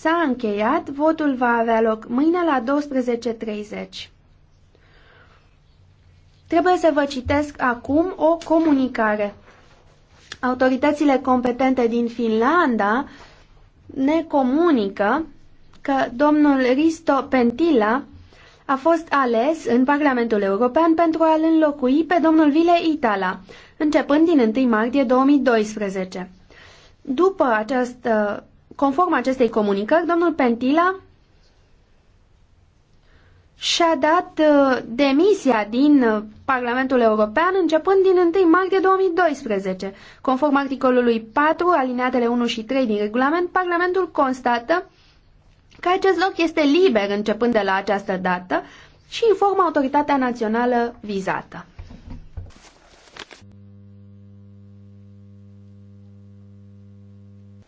S-a încheiat, votul va avea loc mâine la 12.30. Trebuie să vă citesc acum o comunicare. Autoritățile competente din Finlanda ne comunică că domnul Risto Pentila a fost ales în Parlamentul European pentru a-l înlocui pe domnul Vile Itala, începând din 1 martie 2012. După această conform acestei comunicări, domnul Pentila și-a dat uh, demisia din uh, Parlamentul European începând din 1 martie 2012. Conform articolului 4, alineatele 1 și 3 din regulament, Parlamentul constată că acest loc este liber începând de la această dată și informă autoritatea națională vizată.